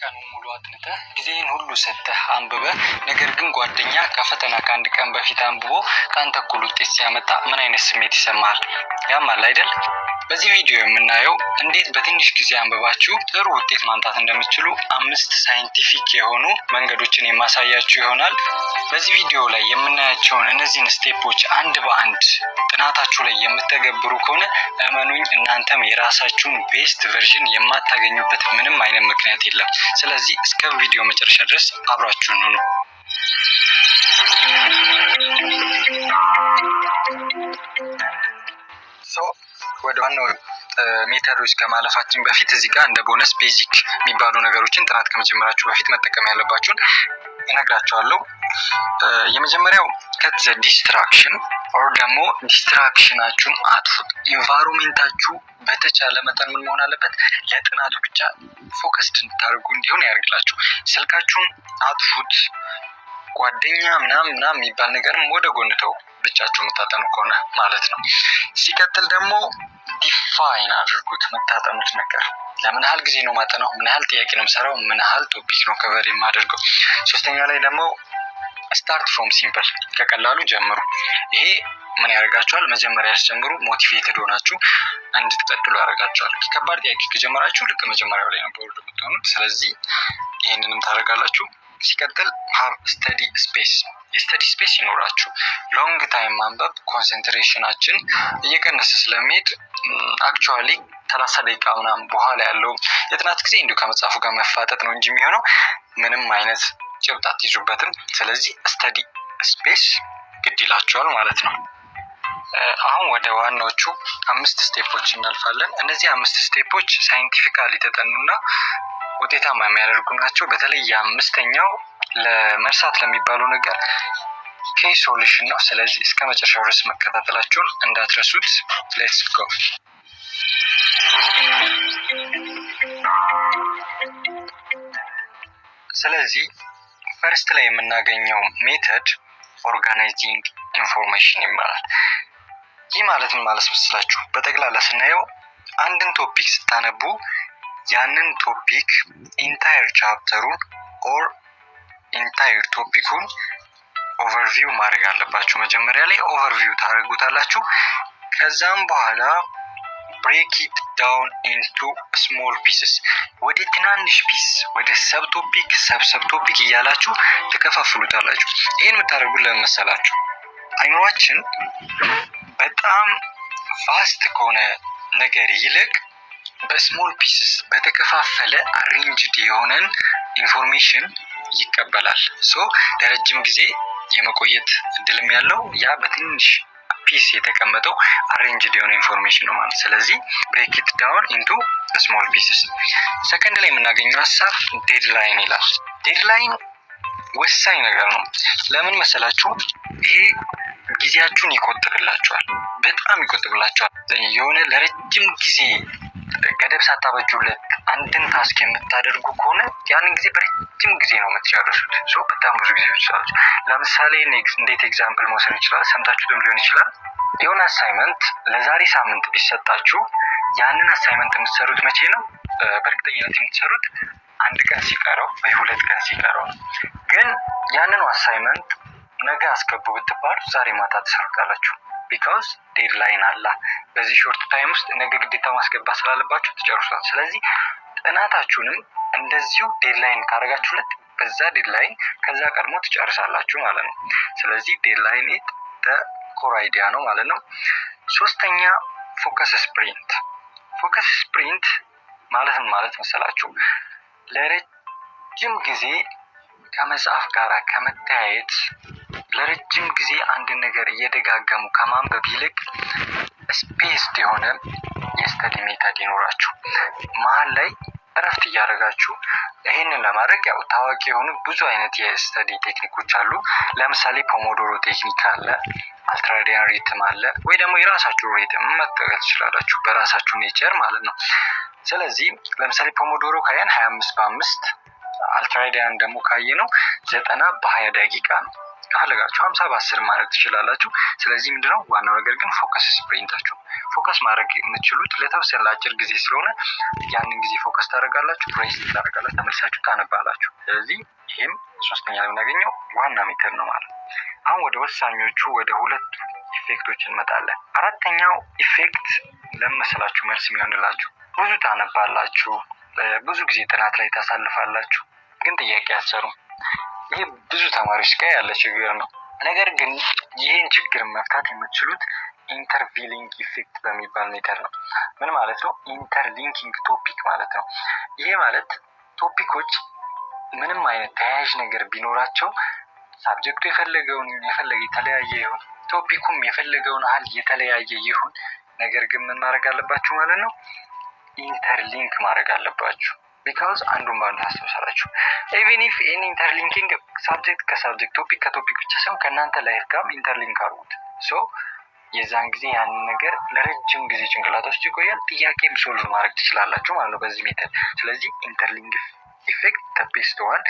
ቀኑ ሙሉ አጥንተህ ጊዜን ሁሉ ሰጥተህ አንብበህ፣ ነገር ግን ጓደኛ ከፈተና ከአንድ ቀን በፊት አንብቦ ከአንተ እኩል ውጤት ሲያመጣ ምን አይነት ስሜት ይሰማሃል? ያማል አይደል? በዚህ ቪዲዮ የምናየው እንዴት በትንሽ ጊዜ አንብባችሁ ጥሩ ውጤት ማምጣት እንደምትችሉ አምስት ሳይንቲፊክ የሆኑ መንገዶችን የማሳያችሁ ይሆናል። በዚህ ቪዲዮ ላይ የምናያቸውን እነዚህን ስቴፖች አንድ በአንድ ጥናታችሁ ላይ የምተገብሩ ከሆነ እመኑኝ፣ እናንተም የራሳችሁን ቤስት ቨርዥን የማታገኙበት ምንም አይነት ምክንያት የለም። ስለዚህ እስከ ቪዲዮ መጨረሻ ድረስ አብራችሁን ሁኑ። ሰው ወደ ዋናው ሜተዶች ከማለፋችን በፊት እዚህ ጋር እንደ ቦነስ ቤዚክ የሚባሉ ነገሮችን ጥናት ከመጀመራችሁ በፊት መጠቀም ያለባችሁን እነግራቸዋለሁ። የመጀመሪያው ከት ዘ ዲስትራክሽን ኦር ደግሞ ዲስትራክሽናችሁን አጥፉት። ኢንቫይሮሜንታችሁ በተቻለ መጠን ምን መሆን አለበት? ለጥናቱ ብቻ ፎከስድ እንድታደርጉ እንዲሆን ያደርግላችሁ። ስልካችሁን አጥፉት። ጓደኛ ምናምን ምናምን የሚባል ነገርም ወደ ጎን ተው። ብቻችሁ የምታጠኑ ከሆነ ማለት ነው። ሲቀጥል ደግሞ ዲፋይን አድርጉት የምታጠኑት ነገር ለምን ያህል ጊዜ ነው ማጠናው? ምን ያህል ጥያቄ ነው የምሰራው? ምን ያህል ቶፒክ ነው ከቨር የማደርገው? ሶስተኛ ላይ ደግሞ ስታርት ፍሮም ሲምፕል ከቀላሉ ጀምሩ። ይሄ ምን ያደርጋችኋል? መጀመሪያ ያስጀምሩ ሞቲቬትድ ሆናችሁ እንድትቀጥሉ ያደርጋችኋል። ከባድ ጥያቄ ከጀመራችሁ ልክ መጀመሪያው ላይ ነው በወርድ የምትሆኑት። ስለዚህ ይህንንም ታደርጋላችሁ። ሲቀጥል ሀብ ስተዲ ስፔስ የስተዲ ስፔስ ይኖራችሁ። ሎንግ ታይም ማንበብ ኮንሰንትሬሽናችን እየቀነሰ ስለሚሄድ አክቹዋሊ ሰላሳ ደቂቃ ምናምን በኋላ ያለው የጥናት ጊዜ እንዲሁ ከመጽሐፉ ጋር መፋጠጥ ነው እንጂ የሚሆነው ምንም አይነት ጭብጥ አትይዙበትም። ስለዚህ ስተዲ ስፔስ ግድ ይላቸዋል ማለት ነው። አሁን ወደ ዋናዎቹ አምስት ስቴፖች እናልፋለን። እነዚህ አምስት ስቴፖች ሳይንቲፊካሊ የተጠኑና ውጤታማ የሚያደርጉ ናቸው። በተለይ የአምስተኛው ለመርሳት ለሚባለው ነገር ኬ ሶሉሽን ነው። ስለዚህ እስከ መጨረሻው ድረስ መከታተላችሁን እንዳትረሱት። ሌትስ ጎ ስለዚህ ፈርስት ላይ የምናገኘው ሜተድ ኦርጋናይዚንግ ኢንፎርሜሽን ይባላል። ይህ ማለት ምን ማለት መስላችሁ? በጠቅላላ ስናየው አንድን ቶፒክ ስታነቡ ያንን ቶፒክ ኢንታየር ቻፕተሩን ኦር ኢንታየር ቶፒኩን ኦቨርቪው ማድረግ አለባችሁ። መጀመሪያ ላይ ኦቨርቪው ታደርጉታላችሁ። ከዛም በኋላ ብሬክ ኢት ዳውን ኢንቱ ስሞል ፒስስ ወደ ትናንሽ ፒስ ወደ ሰብ ቶፒክ ሰብ ሰብ ቶፒክ እያላችሁ ትከፋፍሉታላችሁ። ይህን የምታደርጉት ለምን መሰላችሁ? አይምሯችን በጣም ቫስት ከሆነ ነገር ይልቅ በስሞል ፒስስ በተከፋፈለ አሬንጅድ የሆነን ኢንፎርሜሽን ይቀበላል። ሶ ለረጅም ጊዜ የመቆየት እድልም ያለው ያ በትንሽ ፒስ የተቀመጠው አሬንጅድ የሆነ ኢንፎርሜሽን ነው ማለት። ስለዚህ ብሬክ ኢት ዳውን ኢንቱ ስሞል ፒስስ። ሰከንድ ላይ የምናገኘው ሀሳብ ዴድላይን ይላል። ዴድላይን ወሳኝ ነገር ነው። ለምን መሰላችሁ? ይሄ ጊዜያችሁን ይቆጥብላችኋል፣ በጣም ይቆጥብላችኋል። የሆነ ለረጅም ጊዜ ገደብ ሳታበጁለት አንድን ታስክ የምታደርጉ ከሆነ ያንን ጊዜ በረጅም ጊዜ ነው የምትጨርሱት። በጣም ብዙ ጊዜ አሉ። ለምሳሌ እንዴት ኤግዛምፕል መውሰድ ይችላል፣ ሰምታችሁትም ሊሆን ይችላል። የሆነ አሳይመንት ለዛሬ ሳምንት ቢሰጣችሁ ያንን አሳይመንት የምትሰሩት መቼ ነው? በእርግጠኝነት የምትሰሩት አንድ ቀን ሲቀረው ወይ ሁለት ቀን ሲቀረው ነው። ግን ያንን አሳይመንት ነገ አስገቡ ብትባሉ ዛሬ ማታ ትሰርቃላችሁ። ቢካውዝ ዴድላይን አላ። በዚህ ሾርት ታይም ውስጥ ነገ ግዴታ ማስገባት ስላለባችሁ ትጨርሷል። ስለዚህ ጥናታችሁንም እንደዚሁ ዴድላይን ካደረጋችሁለት በዛ ዴድላይን ከዛ ቀድሞ ትጨርሳላችሁ ማለት ነው። ስለዚህ ዴድላይን ኮር አይዲያ ነው ማለት ነው። ሶስተኛ ፎከስ ስፕሪንት። ፎከስ ስፕሪንት ማለትን ማለት መሰላችሁ ለረጅም ጊዜ ከመጽሐፍ ጋር ከመተያየት ለረጅም ጊዜ አንድ ነገር እየደጋገሙ ከማንበብ ይልቅ ስፔስ የሆነ የስተዲ ሜተድ ይኖራችሁ መሀል ላይ እረፍት እያደረጋችሁ ይህንን ለማድረግ ያው ታዋቂ የሆኑ ብዙ አይነት የስተዲ ቴክኒኮች አሉ። ለምሳሌ ፖሞዶሮ ቴክኒክ አለ፣ አልትራዲያን ሪትም አለ፣ ወይ ደግሞ የራሳችሁ ሪትም መጠቀም ትችላላችሁ፣ በራሳችሁ ኔቸር ማለት ነው። ስለዚህ ለምሳሌ ፖሞዶሮ ካየን ሀያ አምስት በአምስት አልትራዲያን ደግሞ ካየ ነው ዘጠና በሀያ ደቂቃ ነው። ከፈለጋችሁ ሀምሳ በአስር ማድረግ ትችላላችሁ። ስለዚህ ምንድነው ዋናው ነገር ግን ፎከስ ስፕሪንታችሁ ፎከስ ማድረግ የምትችሉት ለተወሰነ ለአጭር ጊዜ ስለሆነ ያንን ጊዜ ፎከስ ታደርጋላችሁ፣ ሬስት ታደርጋላችሁ፣ ተመልሳችሁ ታነባላችሁ። ስለዚህ ይህም ሶስተኛ የምናገኘው ዋና ሜተድ ነው ማለት ነው። አሁን ወደ ወሳኞቹ ወደ ሁለቱ ኢፌክቶች እንመጣለን። አራተኛው ኢፌክት ለመሰላችሁ መልስ የሚሆንላችሁ ብዙ ታነባላችሁ፣ ብዙ ጊዜ ጥናት ላይ ታሳልፋላችሁ፣ ግን ጥያቄ አትሰሩም። ይህ ብዙ ተማሪዎች ጋር ያለ ችግር ነው። ነገር ግን ይህን ችግር መፍታት የምትችሉት ኢንተርቪሊንግ ኢፌክት በሚባል ሜተር ነው። ምን ማለት ነው? ኢንተርሊንኪንግ ቶፒክ ማለት ነው። ይሄ ማለት ቶፒኮች ምንም አይነት ተያያዥ ነገር ቢኖራቸው ሳብጀክቱ የፈለገውን የፈለገ የተለያየ ይሁን ቶፒኩም የፈለገውን ያህል የተለያየ ይሁን፣ ነገር ግን ምን ማድረግ አለባችሁ ማለት ነው ኢንተርሊንክ ማድረግ አለባችሁ። ቢካዝ አንዱን በአንዱ ታስታውሳላችሁ። ኢቨን ኢፍ ይህን ኢንተርሊንኪንግ ሳብጀክት ከሳብጀክት ቶፒክ ከቶፒክ ብቻ ሳይሆን ከእናንተ ላይፍ ጋርም ኢንተርሊንክ አድርጉት ሶ የዛን ጊዜ ያንን ነገር ለረጅም ጊዜ ጭንቅላት ውስጥ ይቆያል። ጥያቄም ሶልቭ ማድረግ ትችላላችሁ ማለት ነው በዚህ ሜተድ። ስለዚህ ኢንተርሊንግ ኢፌክት ተፔስተዋል።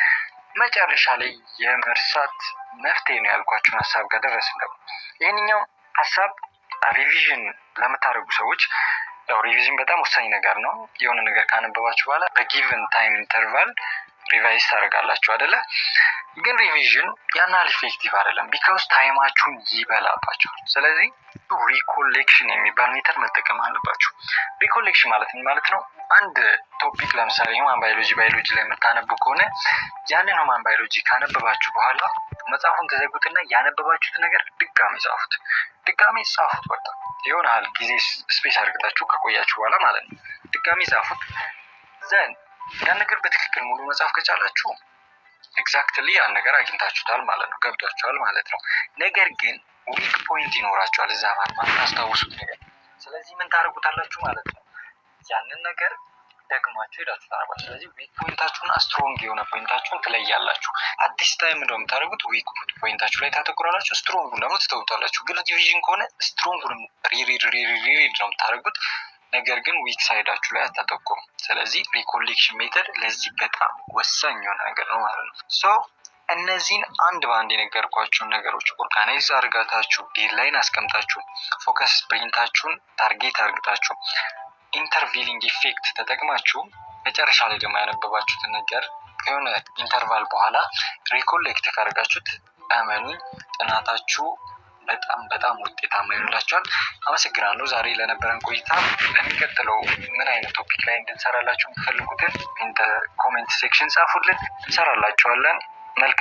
መጨረሻ ላይ የመርሳት መፍትሄ ነው ያልኳቸውን ሀሳብ ጋር ደረስ ነው። ይህንኛው ሀሳብ ሪቪዥን ለምታደርጉ ሰዎች ያው ሪቪዥን በጣም ወሳኝ ነገር ነው። የሆነ ነገር ካነበባችሁ በኋላ በጊቨን ታይም ኢንተርቫል ሪቫይዝ ታደርጋላችሁ አደለ? ግን ሪቪዥን ያን ያህል ኢፌክቲቭ አይደለም፣ ቢካውስ ታይማችሁን ይበላባቸዋል። ስለዚህ ሪኮሌክሽን የሚባል ሜተር መጠቀም አለባችሁ። ሪኮሌክሽን ማለት ምን ማለት ነው? አንድ ቶፒክ ለምሳሌ ሁማን ባዮሎጂ ባዮሎጂ ላይ የምታነቡ ከሆነ ያንን ሁማን ባዮሎጂ ካነበባችሁ በኋላ መጽሐፉን ተዘጉትና ያነበባችሁት ነገር ድጋሜ ጻፉት፣ ድጋሜ ጻፉት። ወጣ የሆነ ያህል ጊዜ ስፔስ አድርግታችሁ ከቆያችሁ በኋላ ማለት ነው ድጋሜ ጻፉት። ዘን ያን ነገር በትክክል ሙሉ መጽሐፍ ከቻላችሁ ኤግዛክትሊ ያን ነገር አግኝታችሁታል ማለት ነው፣ ገብቷችኋል ማለት ነው። ነገር ግን ዊክ ፖይንት ይኖራችኋል እዛ ማለት ማታስታውሱት ነገር። ስለዚህ ምን ታደርጉታላችሁ ማለት ነው፣ ያንን ነገር ደግማችሁ ሄዳችሁ ታደርጓል። ስለዚህ ዊክ ፖይንታችሁን ስትሮንግ የሆነ ፖይንታችሁን ትለያላችሁ። አዲስ ታይም እንደው የምታደርጉት ዊክ ፖይንታችሁ ላይ ታተኩራላችሁ፣ ስትሮንጉን ደግሞ ትተውታላችሁ። ግን ዲቪዥን ከሆነ ስትሮንጉን ሪሪድ ነው የምታደርጉት ነገር ግን ዊክ ሳይዳችሁ ላይ አታተኩሩም። ስለዚህ ሪኮሌክሽን ሜተድ ለዚህ በጣም ወሳኝ የሆነ ነገር ነው ማለት ነው። ሶ እነዚህን አንድ በአንድ የነገርኳችሁን ነገሮች ኦርጋናይዝ አድርጋታችሁ ዴድላይን አስቀምጣችሁ ፎከስ ስፕሪንታችሁን ታርጌት አድርግታችሁ ኢንተርቪሊንግ ኢፌክት ተጠቅማችሁ መጨረሻ ላይ ደግሞ ያነበባችሁትን ነገር ከሆነ ኢንተርቫል በኋላ ሪኮሌክት ካደርጋችሁት እመኑኝ ጥናታችሁ በጣም በጣም ውጤታማ ይሆንላቸዋል። አመሰግናለሁ። ዛሬ ለነበረን ቆይታ በሚቀጥለው ምን አይነት ቶፒክ ላይ እንድንሰራላችሁ የምትፈልጉትን ኮሜንት ሴክሽን ጻፉልን፣ እንሰራላችኋለን። መልካም